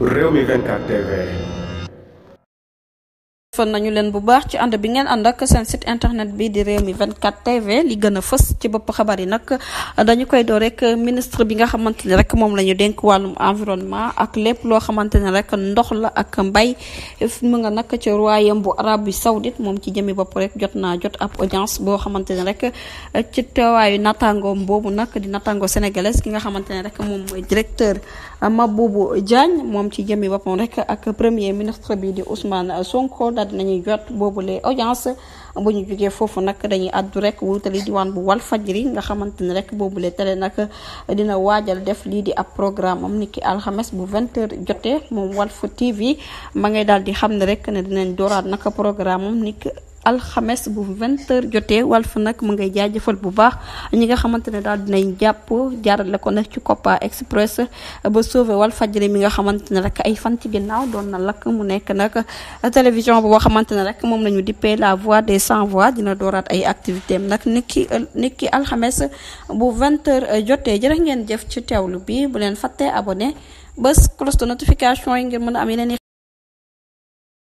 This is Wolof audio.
Rewmi 24 TV fan nañu leen bu baax ci ànd bi ngeen ànd ak seen site internet bi di réew mi 24 tv li gën a fës ci bopp xabar yi nag dañu koy doo rek ministre bi nga xamante ni rek moom la ñu dénk wàllum environnement ak lépp loo xamante ne rek ndox la ak mbay mu nga nag ci royaume bu arabie saoudite moom ci jëmi bopp rek jot naa jot ab audience boo xamante ne rek ci teewaayu natangoom boobu nag di natango sénégalaise ki nga xamante ne rek moom mooy directeur Maboubu Diagne moom ci jëmi boppam rek ak premier ministre bi di Ousmane Sonko ñuy jot boobu boobule audience bu ñu jugee foofu nag dañuy àddu rek wutali diwaan bu wal fajri nga xamante ni rek boobule télé nag dina waajal def lii di ab programme am niki alxames bu 20h jotee moom wal Walf TV ma ngay daal di xam ne rek ne dinañ dooraat nag programme am niki alxames bu vingt heures jotee Walf nag mu ngay jëfal bu baax ñi nga xamante ne daal dinañ jàpp jaarale ko nag ci Copa Express ba sauver Walfadjri mi nga xamante ne rek ay fan ci ginnaaw doon na lakk mu nekk nag télévision boo xamante ne rek moom la ñu dippee la voix des sans voix dina dooraat ay activité am nag niki niki alxames bu vingt heures jotee jërë ngeen jëf ci teewlu bi bu leen fàttee abonné bés cloche de notification yi ngir mën a am